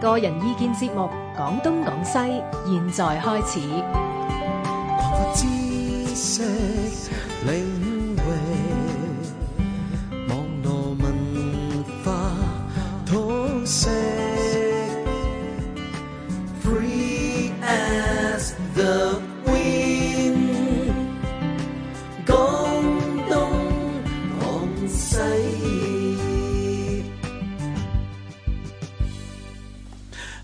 個人意見節目《講東講西》，現在開始。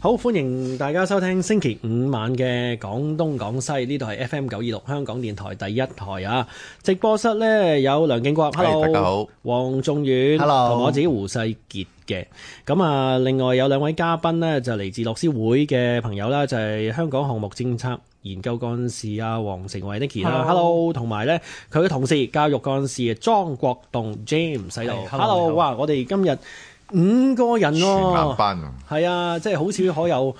好，歡迎大家收聽星期五晚嘅廣東廣西呢度係 FM 九二六香港電台第一台啊！直播室呢，有梁敬國的，hello，大家好，黃仲遠，hello，同我自己胡世傑嘅。咁啊，另外有兩位嘉賓呢，就嚟、是、自樂施會嘅朋友啦，就係、是、香港項目政策研究幹事啊，黃丞尉 Nickie 啦，hello，同埋呢，佢嘅同事教育幹事阿莊國棟 James 喺度，hello。哇，我哋今日～五個人咯，全男班啊，係啊，即係好少可有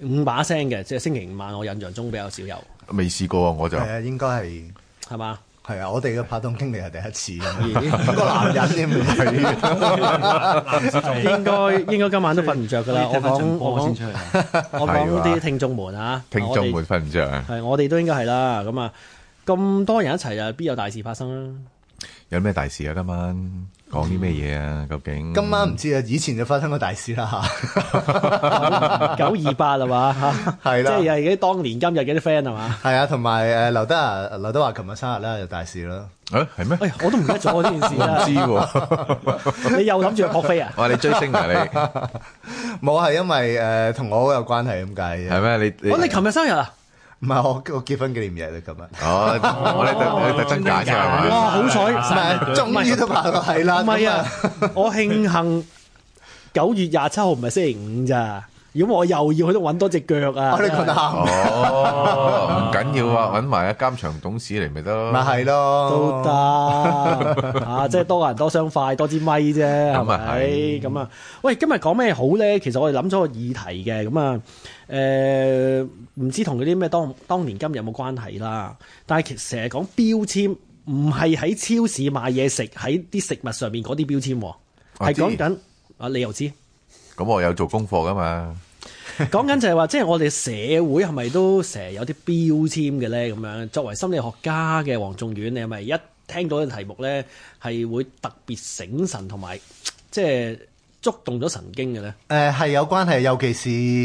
五把聲嘅，即係星期五晚我印象中比較少有，未試過我就，誒應該係係嘛？係啊，我哋嘅拍檔經理係第一次，五個男人添，應該應該今晚都瞓唔着噶啦，我講我講，我講啲聽眾們啊，聽眾們瞓唔着，啊，係我哋都應該係啦，咁啊，咁多人一齊啊，必有大事發生啦，有咩大事啊，今晚？講啲咩嘢啊？究竟今晚唔知啊，以前就發生過大事啦吓，九二八係嘛，係啦，即係又係啲當年今日嘅啲 friend 係嘛，係啊，同埋誒劉德啊劉德華琴日生日啦，有大事啦，誒係咩？我都唔記得咗呢件事啦， 知啊、 你又諗住去撲飛啊？我哇，你追星啊你？冇 係 因為誒同、呃、我好有關係咁解，係咩？你、 啊、你琴日生日啊？ 唔係，我我結婚幾年嘢啦今日！哦，我咧睇睇真假啫。哇、哦！哦、好彩，唔係是終於都拍係啦。唔係啊， 我慶幸九月廿七號唔係星期五咋。如果我又要去度揾多隻腳啊？你哋覺得嚇唔緊要啊，揾埋一間場董事嚟咪得，咪係咯，都得行 啊！即係多個人多雙筷、多支咪啫，係咪咁啊？喂，今日講咩好咧？其實我哋諗咗個議題嘅，咁、嗯、啊，誒唔知同嗰啲咩當當年今日有冇關係啦？但係其實成日講標籤，唔係喺超市買嘢食喺啲食物上面嗰啲標籤，係講緊啊，你又知？啊咁我有做功課㗎嘛？講緊就係話，即係我哋社會係咪都成日有啲標籤嘅咧？咁樣作為心理學家嘅黃仲遠，你係咪一聽到嘅題目咧，係會特別醒神同埋即係觸動咗神經嘅咧？誒係、呃、有關係，尤其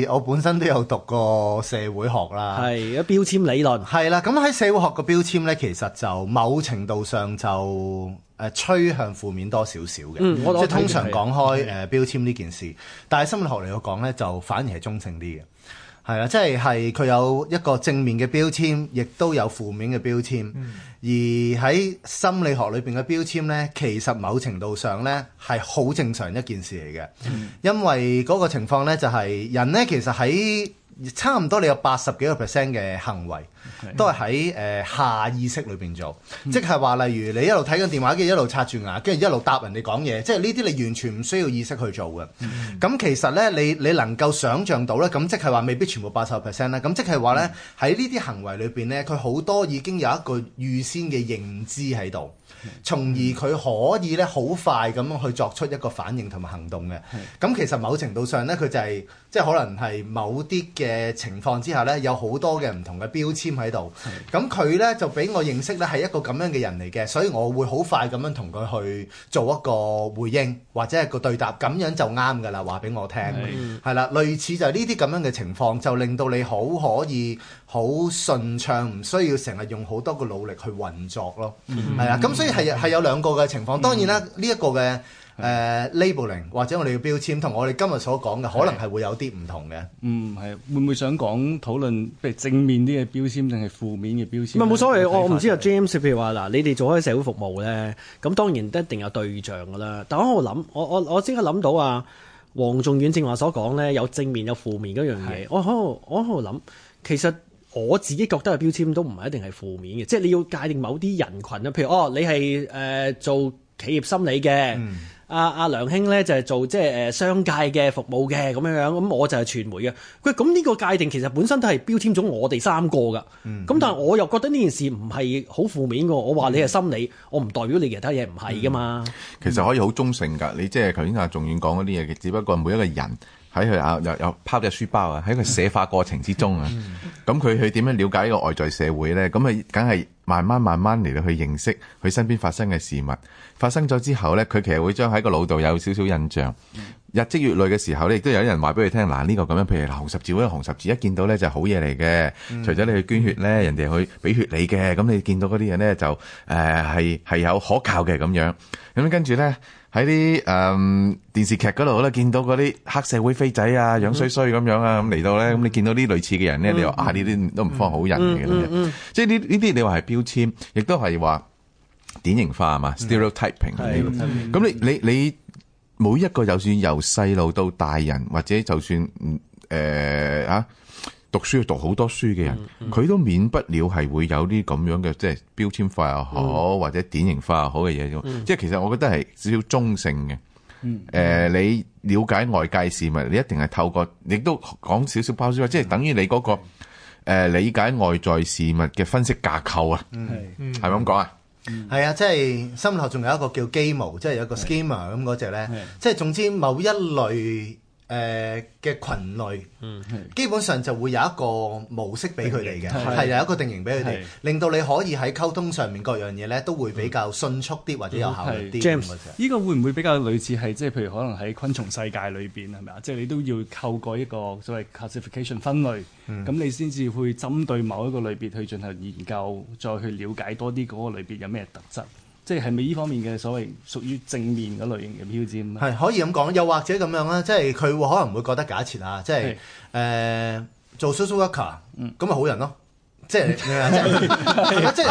是我本身都有讀過社會學啦。係啊，標籤理論係啦。咁喺社會學個標籤咧，其實就某程度上就。誒趨向負面多少少嘅，即係通常講開誒的、呃、標籤呢件事。但係心理學嚟講呢，就反而係中性啲嘅，係啦，即係係佢有一個正面嘅標籤，亦都有負面嘅標籤。嗯、而喺心理學裏邊嘅標籤呢，其實某程度上呢係好正常一件事嚟嘅，嗯、因為嗰個情況呢，就係、是、人呢，其實喺。差唔多你有八十幾個 percent 嘅行為 Okay. 都係喺誒下意識裏邊做，嗯、即係話例如你一路睇緊電話跟住一路插住牙，跟住一路答人哋講嘢，即係呢啲你完全唔需要意識去做嘅。咁、嗯嗯、其實咧，你你能夠想像到咧，咁即係話未必全部八十 percent 啦。咁即係話咧，喺呢啲行為裏邊咧，佢好多已經有一個預先嘅認知喺度。從而佢可以咧，好快咁樣去作出一個反應同埋行動嘅。咁的其實某程度上呢、就是，佢就係即係可能係某啲嘅情況之下呢，有好多嘅唔同嘅標籤喺度。咁佢呢，就俾我認識呢係一個咁樣嘅人嚟嘅，所以我會好快咁樣同佢去做一個回應或者係個對答，咁樣就啱㗎啦。話俾我聽係啦，類似就係呢啲咁樣嘅情況，就令到你好可以。好順暢，唔需要成日用好多個努力去運作咯，係啊、嗯，咁所以係係有兩個嘅情況。嗯、當然啦，呢、這、一個嘅誒、呃、labeling 或者我哋嘅標籤，同我哋今日所講嘅可能係會有啲唔同嘅。嗯，係會唔會想講討論，譬如正面啲嘅標籤定係負面嘅標籤？唔係冇所謂，我唔知啊，James。譬如話嗱，你哋做開社會服務咧，咁當然一定有對象㗎啦。但我喺度諗，我我我即刻諗到啊，黃仲遠正話所講咧，有正面有負面嗰樣嘢。我喺我喺度諗，其實。我自己覺得嘅標籤都唔係一定係負面嘅，即係你要界定某啲人群啦，譬如哦，你係誒、呃、做企業心理嘅，阿阿、嗯啊、梁兄呢就係、是、做即係誒商界嘅服務嘅咁樣樣。咁、嗯、我就係傳媒嘅。佢咁呢個界定其實本身都係標籤咗我哋三個㗎。咁、嗯、但係我又覺得呢件事唔係好負面㗎。嗯、我話你係心理，嗯、我唔代表你其他嘢唔係㗎嘛。嗯、其實可以好中性㗎。你即係頭先阿仲遠講嗰啲嘢嘅，只不過每一個人。喺佢又又又拋隻書包啊！喺佢社化過程之中啊，咁佢、嗯、去點樣了解呢個外在社會咧？咁佢梗係慢慢慢慢嚟到去認識佢身邊發生嘅事物。發生咗之後咧，佢其實會將喺個腦度有少少印象。日積月累嘅時候咧，亦都有啲人話俾佢聽嗱，呢、啊呢個咁樣，譬如紅十字嗰個紅十字，一見到咧就係好嘢嚟嘅。除咗你去捐血咧，人哋去俾血你嘅，咁你見到嗰啲嘢咧就誒係係有可靠嘅咁樣。咁跟住咧。喺啲誒電視劇嗰度咧，見到嗰啲黑社會飛仔啊，樣衰衰咁樣啊，咁嚟到咧，咁你見到啲類似嘅人咧，你話啊呢啲都唔方好人嘅，即係呢呢啲你話係標籤，亦都係話典型化啊嘛，stereotyping，咁你你你每一個就算由細路到大人，或者就算誒啊。讀書要讀好多書嘅人，佢都免不了係會有啲咁樣嘅，即係標籤化又好，或者典型化又好嘅嘢。即係其實我覺得係少少中性嘅。誒，你了解外界事物，你一定係透過，亦都講少少包裝即係等於你嗰個理解外在事物嘅分析架構啊。係，係咪咁講啊？係啊，即係心理學仲有一個叫機模，即係有個 schema 咁只咧。即係總之某一類。誒嘅、呃、群類，嗯，基本上就會有一個模式俾佢哋嘅，係型是有一個定型俾佢哋，是令到你可以喺溝通上面各樣嘢咧，都會比較迅速啲或者有效啲、嗯。James，呢個會唔會比較類似係即係譬如可能喺昆蟲世界裏邊係咪啊？即係、就是、你都要透過一個所謂 classification 分類，咁、嗯、你先至會針對某一個類別去進行研究，再去了解多啲嗰個類別有咩特質。即係係咪呢方面嘅所謂屬於正面嗰類型嘅標籤咧？係可以咁講，又或者咁樣啦，即係佢可能會覺得，假設啊，即係誒是、呃、做 social worker，咁咪好人咯。即係，即係，就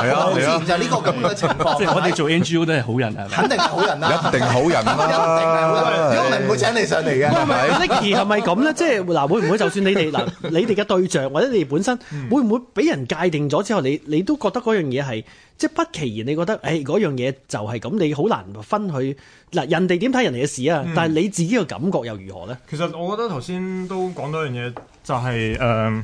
係呢個咁嘅情況。即係我哋做 NGO 都係好人，係咪？肯定係好人啦，一定好人一定係好，都唔會請你上嚟嘅。唔係唔係，Nicky 係咪咁咧？即係嗱，會唔會就算你哋嗱，你哋嘅對象或者你哋本身，會唔會俾人界定咗之後，你你都覺得嗰樣嘢係即係不期然，你覺得誒嗰樣嘢就係咁，你好難分佢嗱人哋點睇人哋嘅事啊？但係你自己嘅感覺又如何咧？其實我覺得頭先都講到一樣嘢，就係誒。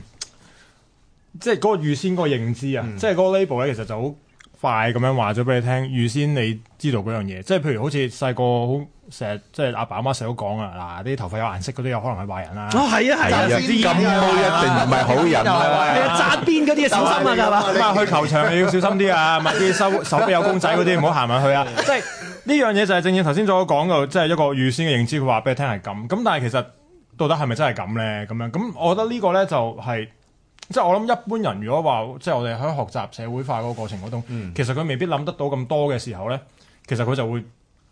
即係嗰個預先嗰個認知啊，嗯、即係嗰個 label 咧，其實就好快咁樣話咗俾你聽，預先你知道嗰樣嘢。即係譬如好似細個好成日，即係阿爸阿媽成日都講啊，嗱啲頭髮有顏色嗰啲有可能係壞人、哦、啊。哦，係啊，係但才 啊，啲金毛一定唔係好人啊，扎辮嗰啲啊，小心啊，係嘛？咁啊，去球場你要小心啲啊，唔啲 手手臂有公仔嗰啲唔好行埋去啊。即係呢樣嘢就係、是、正正頭先所講嘅，即、就、係、是、一個預先嘅認知，佢話俾你聽係咁。咁但係其實到底係咪真係咁咧？咁樣咁，我覺得呢個咧就係、是。即係我諗一般人如果話，即係我哋喺學習社會化嗰個過程嗰度、嗯，其實佢未必諗得到咁多嘅時候咧，其實佢就會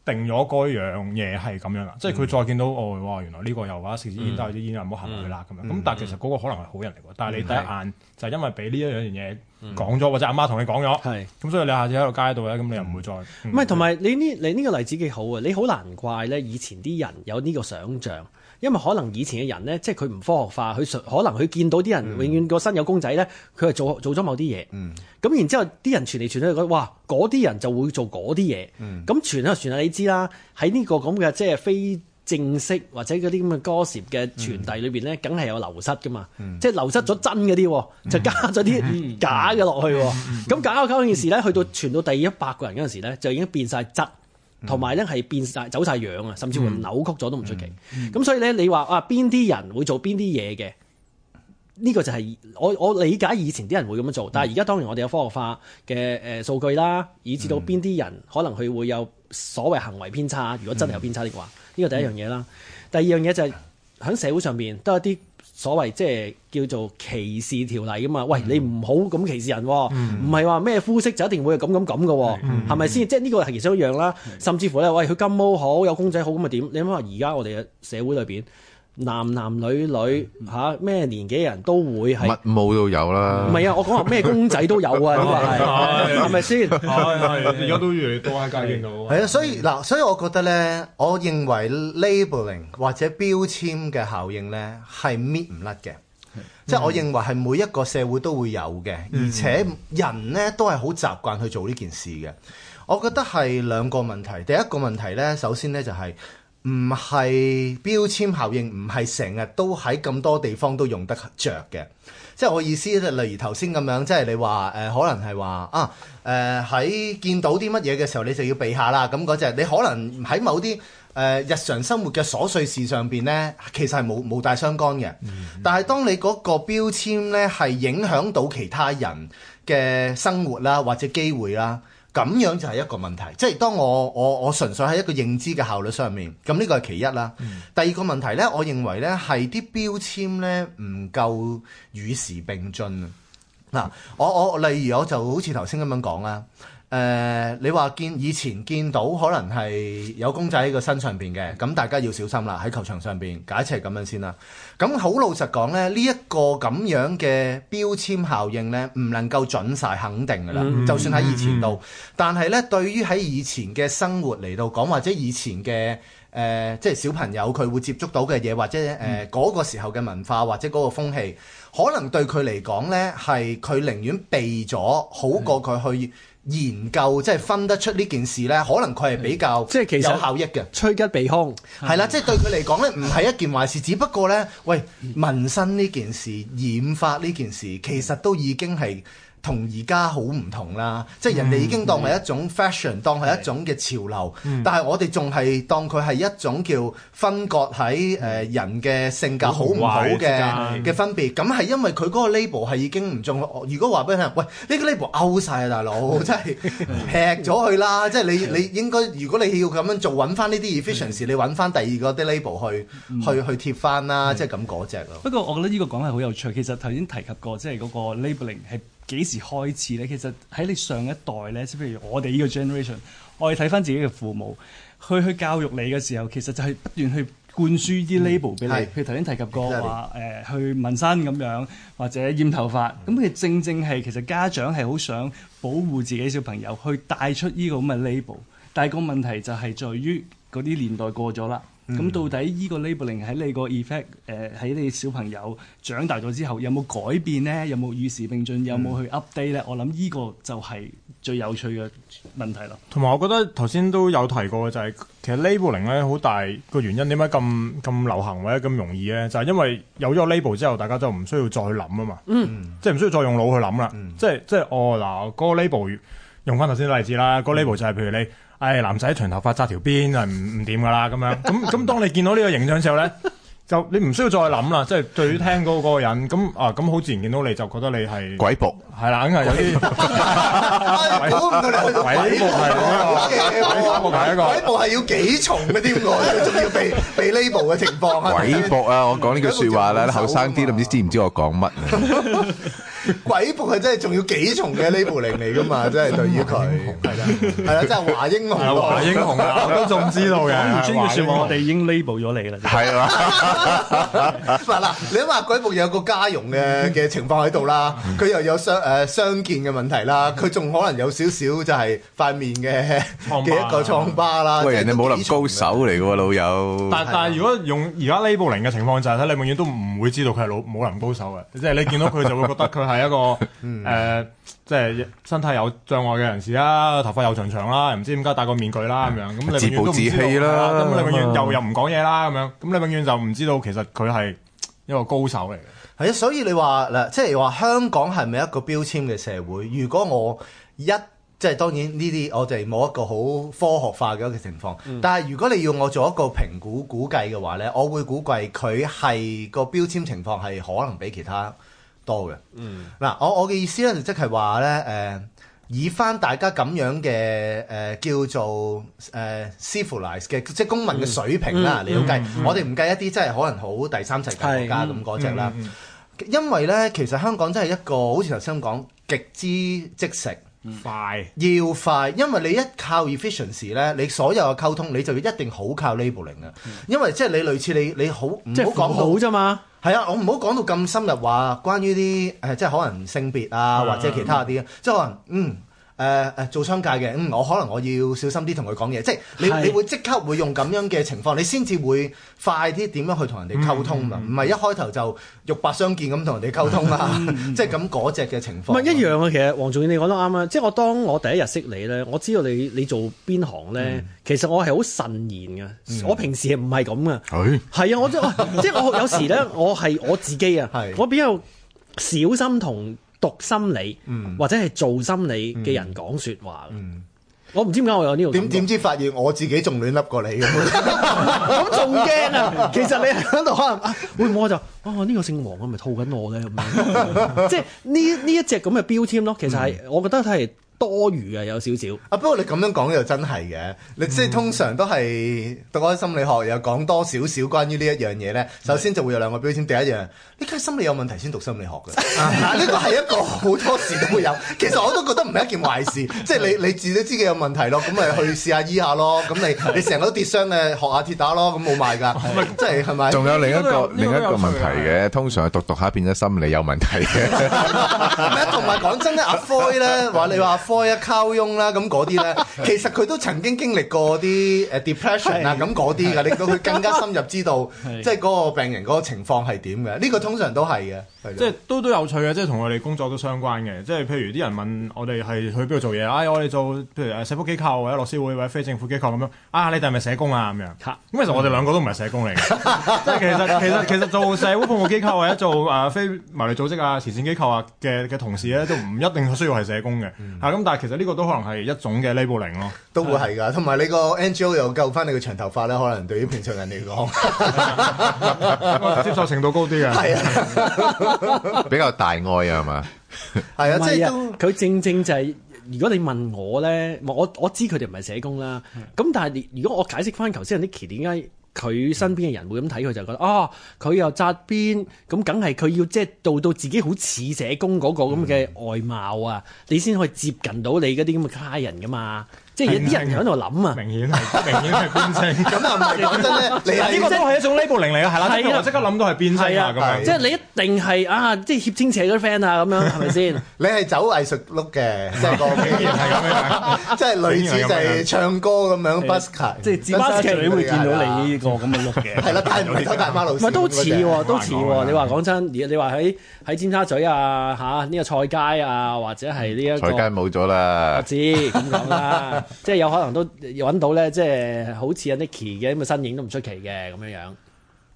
定咗個樣嘢係咁樣啦。嗯、即係佢再見到哦，原來呢個又話食煙，但係啲煙又唔好行佢啦咁樣。咁但係其實嗰個可能係好人嚟喎。但係你第一眼就係因為俾呢一樣嘢講咗，嗯、或者阿媽同你講咗，咁、嗯、所以你下次喺個街度咧，咁你又唔會再唔係同埋你呢？你呢個例子幾好啊！你好難怪咧，以前啲人有呢個想像。因為可能以前嘅人咧，即係佢唔科學化，佢可能佢見到啲人永遠個身有公仔咧，佢係做做咗某啲嘢。咁然之後啲人傳嚟傳去，覺得哇，嗰啲人就會做嗰啲嘢。咁傳啊傳啊，你知啦，喺呢個咁嘅即係非正式或者嗰啲咁嘅歌詞嘅傳遞裏邊咧，梗係有流失㗎嘛。即係流失咗真嗰啲，就加咗啲假嘅落去。咁假嘅搞件事咧，去到傳到第一百個人嗰陣時咧，就已經變晒質。同埋咧係變曬走晒樣啊，甚至會扭曲咗都唔出奇。咁、嗯嗯、所以咧，你話啊邊啲人會做邊啲嘢嘅？呢、這個就係、是、我我理解以前啲人會咁樣做，嗯、但係而家當然我哋有科學化嘅誒、呃、數據啦，以至到邊啲人可能佢會有所謂行為偏差。如果真係有偏差的話，呢個、嗯、第一樣嘢啦。嗯嗯、第二樣嘢就係、是、喺社會上面都有啲。所謂即係叫做歧視條例啊嘛，喂，嗯、你唔好咁歧視人、哦，唔係話咩膚色就一定會係咁咁咁嘅，係咪先？吧即係呢個係其實一樣啦。甚至乎咧，喂，佢金毛好，有公仔好咁啊點？你諗下而家我哋嘅社會裏邊。男男女女吓咩？啊、年紀人都會係乜冇都有啦。唔係啊，我講話咩公仔都有啊，都係，係咪先？係而家都越嚟越多喺街見到。係啊，所以嗱是，所以我覺得咧，我認為 labeling 或者標籤嘅效應咧係搣唔甩嘅，即係是我認為係每一個社會都會有嘅，而且人咧都係好習慣去做呢件事嘅。我覺得係兩個問題，第一個問題咧，首先咧就係、是。唔係標籤效應，唔係成日都喺咁多地方都用得着嘅。即係我意思，例如頭先咁樣，即係你話誒、呃，可能係話啊誒，喺、呃、見到啲乜嘢嘅時候，你就要避下啦。咁嗰隻，你可能喺某啲誒、呃、日常生活嘅瑣碎事上邊呢，其實係冇冇大相干嘅。嗯、但係當你嗰個標籤呢，係影響到其他人嘅生活啦，或者機會啦。咁樣就係一個問題，即係當我我我純粹喺一個認知嘅效率上面，咁呢個係其一啦。嗯、第二個問題呢，我認為呢係啲標籤呢唔夠與時並進嗱、啊，我我例如我就好似頭先咁樣講啦。誒、呃，你話見以前見到可能係有公仔喺個身上邊嘅，咁大家要小心啦。喺球場上邊，假設係咁樣先啦。咁好老實講咧，呢、這、一個咁樣嘅標籤效應呢，唔能夠準晒肯定噶啦。Mm hmm. 就算喺以前度，mm hmm. 但係呢，對於喺以前嘅生活嚟到講，或者以前嘅誒，即、呃、係、就是、小朋友佢會接觸到嘅嘢，或者誒嗰、呃 mm hmm. 個時候嘅文化或者嗰個風氣，可能對佢嚟講呢，係佢寧願避咗，好過佢去、mm。Hmm. 研究即係分得出呢件事呢，可能佢係比較即係其實效益嘅，趨吉避凶。係啦， 即係對佢嚟講呢，唔係一件壞事， 只不過呢：「喂，民生呢件事、染髮呢件事，其實都已經係。同而家好唔同啦，即係人哋已經當為一種 fashion，當係一種嘅潮流，但係我哋仲係當佢係一種叫分割喺誒人嘅性格好唔好嘅嘅分別。咁係因為佢嗰個 label 係已經唔中咯。如果話俾人聽，喂，呢個 label out 曬啊，大佬，真係撇咗佢啦。即係你你應該，如果你要咁樣做，揾翻呢啲 efficiency，你揾翻第二個啲 label 去去去貼翻啦。即係咁嗰隻咯。不過我覺得呢個講係好有趣。其實頭先提及過，即係嗰個 labeling 係。幾時開始咧？其實喺你上一代咧，即譬如我哋呢個 generation，我哋睇翻自己嘅父母，佢去教育你嘅時候，其實就係不斷去灌輸啲 label 俾你。譬、嗯、如頭先提及過話誒的、呃，去紋身咁樣，或者染頭髮。咁佢的正正係其實家長係好想保護自己小朋友，去帶出呢個咁嘅 label。但係個問題就係在於嗰啲年代過咗啦。咁、嗯、到底依個 labelling 喺你個 effect 誒、呃、喺你小朋友長大咗之後有冇改變呢？有冇與時並進？嗯、有冇去 update 咧？我諗呢個就係最有趣嘅問題咯。同埋我覺得頭先都有提過嘅就係、是、其實 labelling 咧好大個原因點解咁咁流行或者咁容易咧？就係、是、因為有咗 label 之後，大家就唔需要再諗啊嘛。嗯，即係唔需要再用腦去諗啦。即係即係哦嗱，嗰個 label 用翻頭先啲例子啦，嗰個 label 就係譬如你。係、哎、男仔長頭髮紮條辮係唔唔掂㗎啦，咁樣咁，咁當你見到呢個形象時候咧。 就你唔需要再諗啦，即係對於聽到嗰個人咁啊，咁好自然見到你就覺得你係鬼仆係啦，梗係有啲鬼仆係一個鬼仆係一個鬼仆係要幾重嘅添，我仲要被被 label 嘅情況啊！鬼仆啊，我講呢句說話啦，後生啲唔知知唔知我講乜啊？鬼仆係真係仲要幾重嘅 label 嚟噶嘛？真係對於佢係啦，係啦，真係華英雄啊！華英雄啊，我都仲知道嘅。唔好意思，我哋已經 label 咗你啦，係啦。唔係，你話鬼部有個加容嘅嘅情況喺度啦，佢 又有相誒相見嘅問題啦，佢仲可能有少少就係塊面嘅嘅一個創疤啦。 人哋 武林高手嚟㗎老友，但但係如果用而家呢部零嘅情況就係，你永遠都唔會知道佢係老武林高手嘅，即係你見到佢就會覺得佢係一個誒。 嗯呃即係身體有障礙嘅人士啦，頭髮又長長啦，唔知點解戴個面具啦咁樣，咁、嗯、你自暴自棄啦，咁你永遠又又唔講嘢啦咁樣，咁嗎你永遠就唔知道其實佢係一個高手嚟嘅。係啊，所以你話嗱，即係話香港係咪一個標籤嘅社會？如果我一即係、就是、當然呢啲我哋冇一個好科學化嘅一個情況，嗯、但係如果你要我做一個評估估計嘅話咧，我會估計佢係個標籤情況係可能比其他多嘅，嗱、嗯、我我嘅意思咧就即係話咧，誒、呃、以翻大家咁樣嘅誒、呃、叫做誒 civilize 嘅，呃、ized, 即係公民嘅水平啦你嚟計，嗯、我哋唔計一啲即係可能好第三世界國家咁嗰隻啦，嗯、因為咧其實香港真係一個好似頭先講極之即食，快、嗯、要快，因為你一靠 efficiency 咧，你所有嘅溝通你就一定好靠 labeling 啊，嗯、因為即係你類似你你好唔好講好啫嘛。係啊，我唔好講到咁深入話，關於啲誒，即係可能性別啊，或者其他嗰啲，mm. 即係可能、嗯誒誒、呃、做商界嘅，嗯，我可能我要小心啲同佢講嘢，是即係你你會即刻會用咁樣嘅情況，你先至會快啲點樣去同人哋溝通啊，唔係、嗯、一開頭就肉帛相見咁同人哋溝通啊，嗯、即係咁嗰隻嘅情況、嗯。唔係一樣嘅、啊。其實黃仲遠你講得啱啊，即係我當我第一日識你咧，我知道你你做邊行咧，嗯、其實我係好慎言嘅，嗯、我平時係唔係咁噶？係啊、嗯是，我即係即係我有時咧，我係我自己啊， 我比較小心同，讀心理或者係做心理嘅人講説話，嗯嗯、我唔知點解我有呢個感覺。點點知發現我自己仲亂笠過你咁，咁仲驚啊！其實你喺度可能、啊、會唔會我就啊呢、啊這個姓黃咁，咪套緊我咧？即係呢呢一隻咁嘅標籤咯。其實係、嗯、我覺得係。多餘嘅有少少啊，不過你咁樣講又真係嘅，你即係通常都係讀開心理學又講多少少關於呢一樣嘢咧。首先就會有兩個標籤，第一樣，你梗係心理有問題先讀心理學嘅，嗱呢、 啊呢個係一個好多時都會有。其實我都覺得唔係一件壞事， 即係你你自己知自己有問題咯，咁咪去試下醫下咯。咁你你成日都跌傷嘅，學下跌打咯，咁冇埋㗎， 是即係係咪？仲 有另一個，個另一個問題嘅，通常係讀讀下變咗心理有問題嘅。同埋講真咧，阿 Floyd 咧話你話。一靠擁啦，咁嗰啲咧，那那呢 其實佢都曾經經歷過啲誒 depression 啊， 咁嗰啲嘅，令到佢更加深入知道，即係嗰個病人嗰個情況係點嘅。呢 個通常都係嘅，即係都都有趣嘅，即係同我哋工作都相關嘅。即係譬如啲人問我哋係去邊度做嘢，哎，我哋做譬如誒社福機構或者樂施會或者非政府機構咁樣，啊，你哋係咪社工啊咁樣？咁 其實我哋兩個都唔係社工嚟嘅。即係 其實其實，其實做社會服務機構或者做誒、啊、非牟利組織啊、慈善機構啊嘅嘅同事咧，都唔一定需要係社工嘅嚇咁。 嗯但係其實呢個都可能係一種嘅 labelling 咯，都會係噶，同埋的你個 NGO 又救翻你個長頭髮咧，可能對於平常人嚟講， 接受程度高啲啊，係啊，比較大愛是是 啊，係嘛？係啊，即係佢正正就係、是，如果你問我咧，我我知佢哋唔係社工啦，咁的但係如果我解釋翻頭先 Nicky 點解？佢身邊嘅人會咁睇佢，就覺得哦，佢又紮辮，咁梗係佢要即係到到自己好似社工嗰個咁嘅外貌啊，嗯、你先可以接近到你嗰啲咁嘅客人噶嘛。即係啲人喺度諗啊！明顯係明顯係邊咁啊，唔係講真咧，呢個都係一種 level 零嚟㗎，係啦，即刻諗到係邊聲啊，咁即係你一定係啊，即係協僆扯嗰 friend 啊咁樣，係咪先？你係走藝術路嘅，即係講明係咁樣，即係類似就係唱歌咁樣 b u s k e 即係尖沙會見到你呢個咁嘅路嘅。係啦，但係唔係走大馬路。唔係都似喎，都似喎。你話講真，而你話喺喺尖沙咀啊嚇，呢個菜街啊，或者係呢一個菜街冇咗啦。我知咁講啦。即係有可能都揾到咧，即係好似阿 Nicky 嘅咁嘅身影都唔出奇嘅咁樣樣。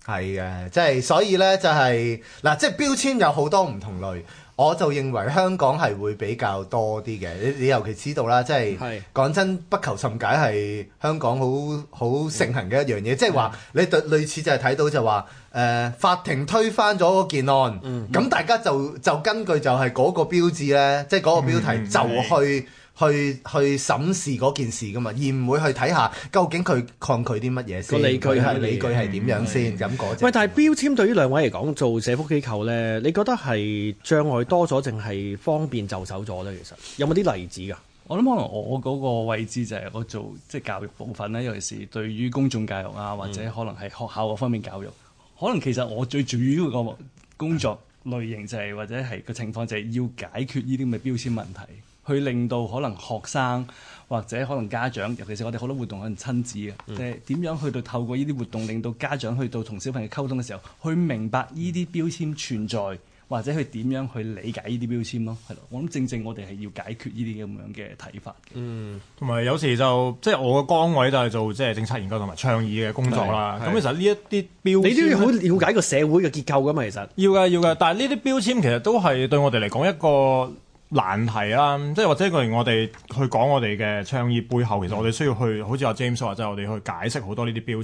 係嘅，即係所以咧就係、是、嗱，即係標籤有好多唔同類，我就認為香港係會比較多啲嘅。你尤其知道啦，即係講是真，不求甚解係香港好好盛行嘅一樣嘢。是即係話你類似就係睇到就話誒、呃、法庭推翻咗嗰件案，咁、嗯、大家就就根據就係嗰個標誌咧，即係嗰個標題、嗯、就去可。去去審視嗰件事㗎嘛，而唔會去睇下究竟佢抗拒啲乜嘢先，理據係理據係點樣先咁嗰。喂，但係標籤對於兩位嚟講做社福機構咧，你覺得係障礙多咗淨係方便就手咗咧？其實有冇啲例子㗎？我諗可能我我嗰個位置就係我做即係、就是、教育部分咧，尤其是對於公眾教育啊，或者可能係學校嗰方面教育，嗯、可能其實我最主要個工作類型就係、是、或者係個情況就係要解決呢啲咁嘅標籤問題。去令到可能學生或者可能家長，尤其是我哋好多活動可能親子嘅，誒點、嗯、樣去到透過呢啲活動，令到家長去到同小朋友溝通嘅時候，去明白呢啲標籤存在，或者去點樣去理解呢啲標籤咯，係咯。我諗正正我哋係要解決呢啲咁樣嘅睇法。嗯，同埋有，有時就即係、就是、我個崗位就係做即係政策研究同埋倡議嘅工作啦。咁其實呢一啲標籤，你都要好了解個社會嘅結構噶嘛，其實要㗎要㗎。但係呢啲標籤其實都係對我哋嚟講一個。難題啊，即係或者佢我哋去講我哋嘅倡議背後，其實我哋需要去，嗯、好似阿 James 話，即係我哋去解釋好多呢啲標籤，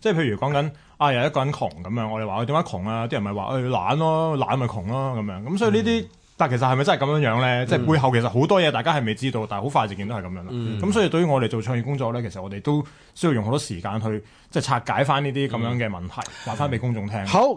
即係、嗯、譬如講緊啊有一個人窮咁樣，我哋話佢點解窮啊？啲人咪話佢懶咯，懶咪窮咯咁樣。咁所以呢啲，嗯、但其實係咪真係咁樣樣咧？嗯、即係背後其實好多嘢大家係未知道，但係好快就見到係咁樣啦。咁、嗯嗯、所以對於我哋做倡議工作咧，其實我哋都需要用好多時間去即係、就是、拆解翻呢啲咁樣嘅問題，話翻俾公眾聽。嗯、好。